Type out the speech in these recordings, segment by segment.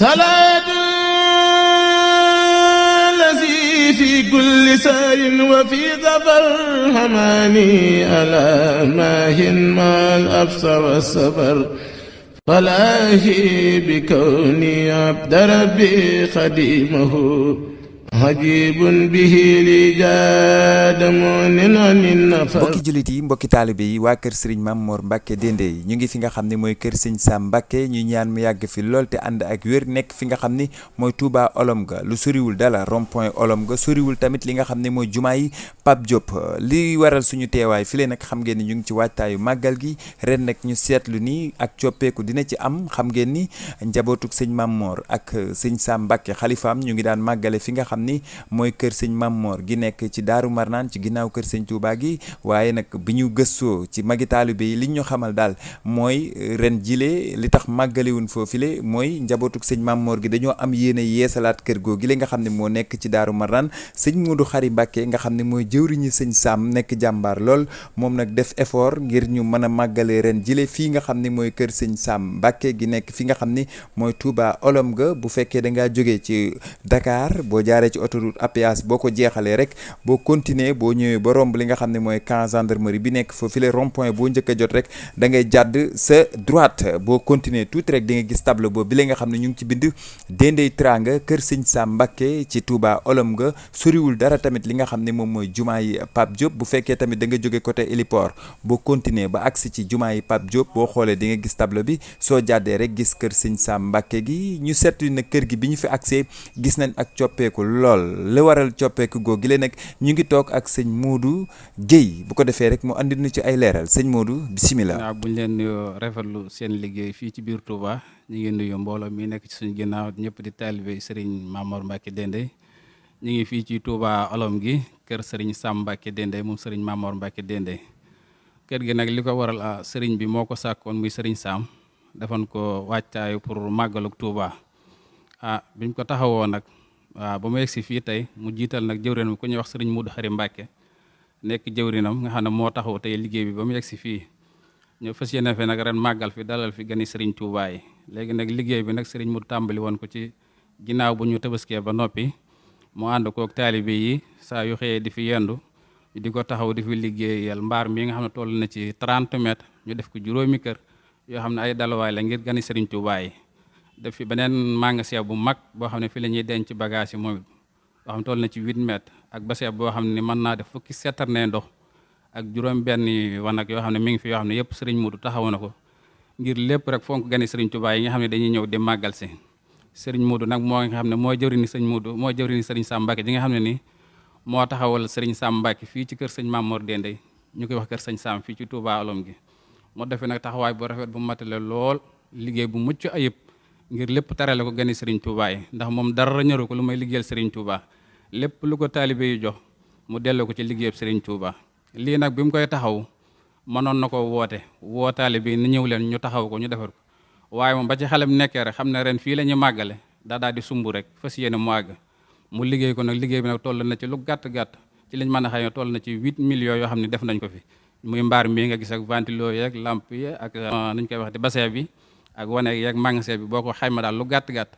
salaatu lazi fi kulli saarin wa fi safar xamaani ala maahin maal absar wa safar falaahi bi kawni abda rabbi xadimahu mbokki jullit yi mbokki taalibe yi waa kër sëriñ Mame Mor Mbacke Dende yi ñu ngi fi nga xam ne mooy kër sëriñ Sam Mbacke ñu ñaan mu yàgg fi lool te ànd ak wér nekk fi nga xam ni mooy Touba olom ga lu soriwul dala rond olom ga soriwul tamit li nga xam ne mooy jumaa yi Pape Diop li waral suñu teewaay file nag xam ngeen ni ñu ngi ci waajtaayu màggal gi ren nag ñu seetlu ni ak coppeeku dina ci am xam ngeen ni njabootuk sëñ Mame ak sëñ Sam Mbacke xalifaam ñu ngi daan fi nga xam xam ni mooy kër sëñ Mamor gi nekk ci Daaru Marnaan ci ginnaaw kër sëñ Touba gi waaye nag bi ñu gëstoo ci magi taalibe yi li ñu xamal daal mooy euh, ren jile li tax màggaliwun foofile mooy njabootuk sëñ Mamor gi dañoo am yéene yeesalaat kër googu li nga xam ne moo nekk ci Daaru Marnaan sëñ Modou xari Mbacké nga xam ne mooy jëwriñu sëñ sàmm nekk jàmbaar lool moom nag def effort ngir ñu mën a màggale ren jile fii nga xam ne mooy kër sëñ Sam Mbacké gi nekk fi nga xam ni mooy Touba olom ga bu fekkee danga ngaa jógee ci Dakar boo jaaree ci autoroute à boo ko jeexalee rek boo continuer boo ñëwee ba romb li nga xam ne mooy camp gendarmerie bi nekk fa file rond boo njëkk a jot rek da ngay jàdd sa droite boo continuer tuuti rek di nga gis table boobu bi la nga xam ne ñu ngi ci bind Dendey Tranga Kër Sëñ Sam Mbacké ci Touba Olom nga soriwul dara tamit li nga xam ne moom mooy jumaa yi Pape Diop bu fekkee tamit da nga jóge côté héliport boo continuer ba agsi ci jumaa yi Pape Diop boo xoolee di nga gis tableau bi soo jàddee rek gis Kër Sëñ Sam Mbacké gi ñu seetlu na kër gi bi ñu fi agsee gis nañ ak coppeeku lool li waral coppeeku gi la nag ñu ngi toog ak sëñ Modou Guèye bu ko defee rek mu andi nu ci ay leeral sëñ Modou bisimilah. waaw bu ñu leen nuyoo rafetlu seen liggéey fii ci biir Touba ñu ngi nuyu mbooloo mi nekk ci suñu ginnaaw ñëpp di taalibe Serigne Mamor Mbacke Dende ñu ngi fii ci Touba olom gi kër sëriñ Sam Mbacke Dende moom Serigne Mamor Mbacke Dende kër gi nag li ko waral ah, Serigne bi moo ko sàkkoon muy Serigne Sam defoon ko wàccaayu pour màggalug Touba ah biñ ko taxawoo nag. waaw ba mu yegg fii tey mu jiital nag jëwrinam ku ñuy wax sëriñ Mudu Xari Mbàkke nekk jëwrinam nga xam ne moo taxaw tey liggéey bi ba mu yegg si fii ñu fas yéene fi nag ren màggal fi dalal fi gani sëriñ Tuubaa léegi nag liggéey bi nag sëriñ Mudu tàmbali woon ko ci ginnaaw bu ñu tabaskee ba noppi mu ànd kook taalibe yi saa yu xëyee di fi yendu di ko taxaw di fi liggéeyal mbaar mi nga xam ne toll na ci 30 mètres ñu def ko juróomi kër yoo xam ne ay dalwaay la ngir gani sëriñ def fi beneen magasin bu mag boo xam ne fi la ñuy denc bagage yi moom boo xam toll na ci huit mètres ak bassin boo xam ne mën naa def fukki seetar ne ndox ak juróom-benn wanag yoo xam ne mi ngi fi yoo xam ne yëpp sëriñ Mudu taxawu na ko ngir lépp rek fonk gani sëriñ Tuubaa yi nga xam ne dañuy ñëw di màggal si sëriñ Mudu nag moo nga xam ne moo jëwriñu sëriñ Mudu moo jëwriñu sëriñ Sam Mbàkke ji nga xam ne ni moo taxawal sëriñ Sam Mbàkke fii ci kër sëñ Mamor Dende ñu koy wax kër sëñ Sam fii ci Touba Alom gi moo defee nag taxawaay bu rafet bu matale lool liggéey bu mucc ayib ngir lépp tarale ko gani Serigne Touba yi ndax moom dara ñëru ko lu may liggéeyal Serigne Touba lépp lu ko taalibe yi jox mu delloo ko ci liggéeyab Serigne Touba lii nag bi mu koy taxaw mënoon na ko woote woo taalibe yi ni ñëw leen ñu taxaw ko ñu defar ko waaye moom ba ci xale bu nekkee rek xam ne ren fii la ñuy màggale daa daal di sumb rek fas yéene mu àgg mu liggéey ko nag liggéey bi nag toll na ci lu gàtt gàtt ci liñ mën a xayma na ci huit millions yoo xam ne def nañ ko fi muy mbaar mii nga gis ak ventilo yeeg lamp yi euh, nañ koy wax di bassin bi ak wane yeeg magasin bi boo ko xayma daal lu gàtt-gàtt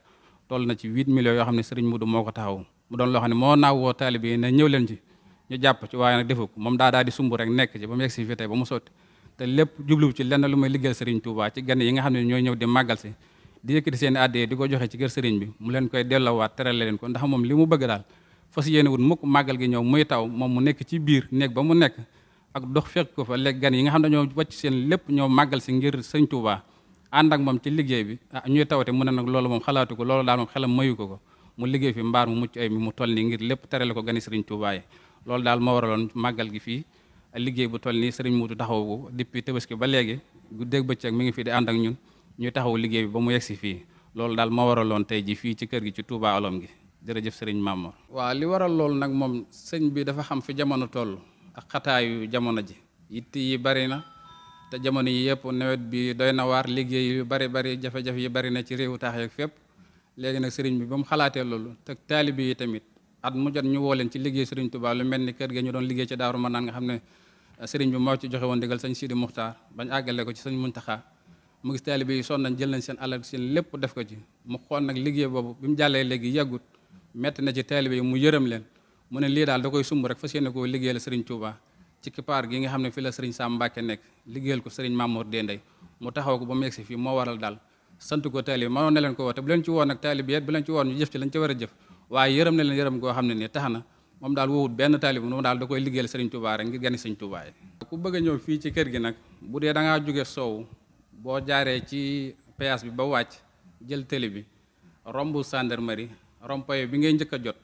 toll na ci 8 millions yoo xam ne sëriñ Mudu moo ko taxaw mu doon loo ne moo naaw woo taalibe yi ñëw leen ci ñu jàpp ci waaye nag defu moom daa daal di sumb rek nekk ci ba mu yegg si fi ba mu sotti te lépp jublu yi nga xam ne ñooy ñëw di màggal si di yëkkati seen àddee di ko joxe ci kër sëriñ bi mu leen koy delloowaat teral leen ko ndax moom li mu bëgg daal fas yéene wut mukk màggal gi ñëw muy taw moom mu nekk ci biir néeg ànd ak moom ci liggéey bi ah ñuy tawate mu ne nag loolu moom xalaatu ko loolu daal moom xelam mayu ko ko mu liggéey fi mbaar mu mucc ay mu toll nii ngir lépp terale ko gani sëriñ Tuubaa yi loolu daal moo waraloon màggal gi fii liggéey bu toll nii sëriñ Muudu taxaw ko depuis Tabaski ba léegi guddeeg bëccëg mi ngi fi di ànd ak ñun ñuy taxaw liggéey bi ba mu yegsi fii loolu daal moo waraloon tey ji fii ci kër gi ci Touba Olom gi jërëjëf sëriñ Mamor waaw li waral loolu nag moom sëñ bi dafa xam fi jamono toll ak xataayu jamono ji yitt yi bari na te jamono yii yëpp nawet bi doy na waar liggéey yu bari bari jafe-jafe yi bari na ci réewu taax yeeg fépp léegi nag sëriñ bi ba mu xalaatee loolu te taalibe yi tamit at mu jot ñu woo leen ci liggéey sëriñ Tuubaa lu mel ni kër gi ñu doon liggéey ci Daaru Manaan nga xam ne eh, sëriñ bi moo ci joxe woon digal sëñ Sidi Muxtaar bañ àggale ko ci sëñ Muntaxa mu gis taalibe yi sonn nañ jël nañ seen alal seen lépp def ko ci mu xool nag liggéey boobu bi mu jàllee léegi yàggut metti na ci taalibe yi mu yërëm leen mu ne lii daal da koy sumb rek fas yéene koo liggéeyal sëriñ ci kippaar gi nga xam ne fi la sëriñ Sam Mbàkke nekk liggéeyal ko sëriñ Mamour Dendey mu taxaw ko ba mu fii moo waral daal sant ko taalib mënoon na leen ko woo te bu leen ci woon nag taalib bi bu leen ci woon ñu jëf ci lañ ca war a jëf waaye yërëm na leen yërëm goo xam ne nii tax na moom daal woowut benn taalib moom daal da koy liggéeyal sëriñ Touba rek ngir gani sëriñ Touba yi ku bëgg a ñëw fii ci kër gi nag bu dee da ngaa jóge soow boo jaaree ci péage bi ba wàcc jël télé bi romb gendarmerie rond-point bi ngay njëkk a jot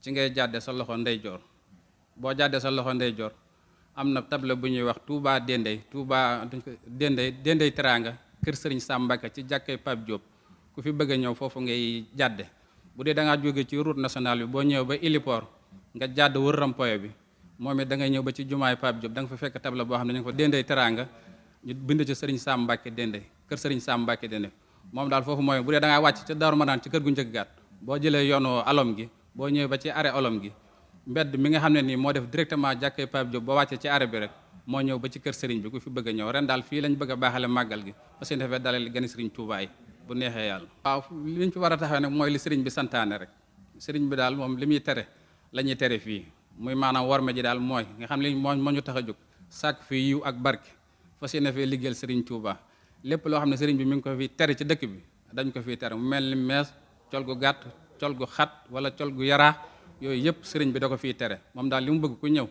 ci ngay jàdde sa loxo ndeyjoor boo jàddee sa loxo ndeyjoor am na table bu ñuy wax Touba Dendey Touba Dendey Dendey Teranga kër Serigne Sambaka ci jàkkee Pape Diop ku fi bëgg a ñëw foofu ngay jàdde bu dee da ngaa jóge ci route national bi boo ñëwee ba héliport nga jàdd wër rampoyo bi moom it da ñëw ba ci jumaay Pape Diop da fa fekk table boo xam ne ñu ko Dendey Teranga ñu bind ci Serigne Sambaka Dendey kër Serigne Sambaka Dendey moom daal foofu mooy bu dee da wàcc ca Daaru Manaan ci kër gu njëkk gaat boo jëlee yoonu alom gi boo ñëwee ba ci arrêt alom gi mbedd mi nga xam ne nii moo def directement jàkkee Pape Diop ba wàccee ci arab bi rek moo ñëw ba ci kër sëriñ bi ku fi bëgg a ñëw ren daal fii lañ bëgg baaxale màggal gi parce que dafay dalal gani sëriñ Touba yi bu neexee fi war a taxawee nag mooy li sëriñ bi santaane rek sëriñ bi daal moom li muy tere la ñuy tere fii muy maanaam warma ji daal mooy nga xam ne moo moo ñu tax a jóg sàkk fii yiw ak barke fas yéene fee liggéeyal sëriñ tuubaa lépp loo xam ne sëriñ bi mi ngi ko fi tere ci dëkk bi dañ ko fi tere mu mel ni mees col gu gàtt col gu xat wala col gu yaraa yooyu yëpp sëriñ bi da ko fiy tere moom daal li mu bëgg ku ñëw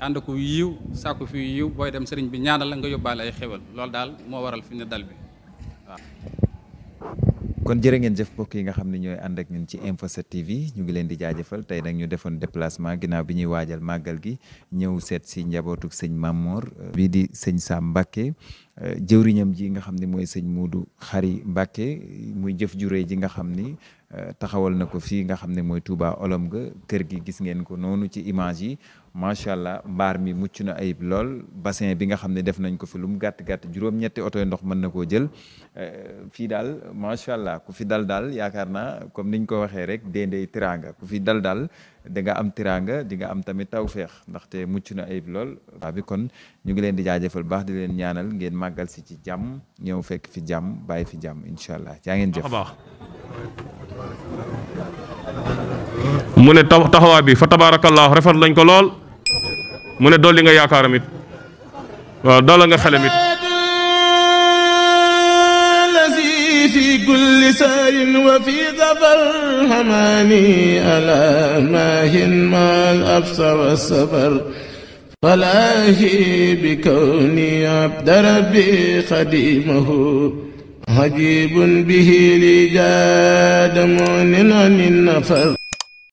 ànd ku yiw sàkku fi yiw booy dem sëriñ bi ñaanal la nga yóbbaale ay xéwal loolu daal moo waral fi ne dal bi waaw kon jërë ngeen jëf mbokk yi nga xam ne ñooy ànd ak ci Info 7 TV ñu ngi leen di jaajëfal tey nag ñu defoon déplacement ginnaaw bi ñuy waajal màggal gi ñëw seet si njabootuk sëñ Mamor euh, bii di sëñ Sam Mbacké euh, jëwriñam ji nga xam ne mooy sëñ Moodu Xari mbàkke muy jëf jure ji nga xam ni Euh, taxawal na ko fii nga xam ne mooy Touba olom ga kër gi gis ngeen ko noonu ci image yi macha allah mbaar mi mucc na ayib lool bassin bi nga xam ne def nañ ko fi lu mu gàtt gàtt juróom-ñetti oto ndox mën na koo jël euh, fii daal macha allah ku fi dal daal yaakaar na comme niñ ko waxee rek déndey tiraanga ku fi dal daal da nga am tiraanga di nga am tamit tawféex ndaxte mucc na ayib lool. waa bi kon ñu ngi leen di jaajëfal baax di leen ñaanal ngeen màggal si ci jàmm ñëw fekk fi jàmm bàyyi fi jàmm incha allah jaa ngeen jëf. mu ne taxawaay bi fa tabaarakallaahu rafet lañ ko lool mu ne dolli nga yaakaaram it waaw dolli nga xelam it في كل سار وفي ظفر هماني ألا ماهن ما الأبصر والصبر فلاهي بكوني عبد ربي خديمه عجيب به لي جاد مؤمنا النفر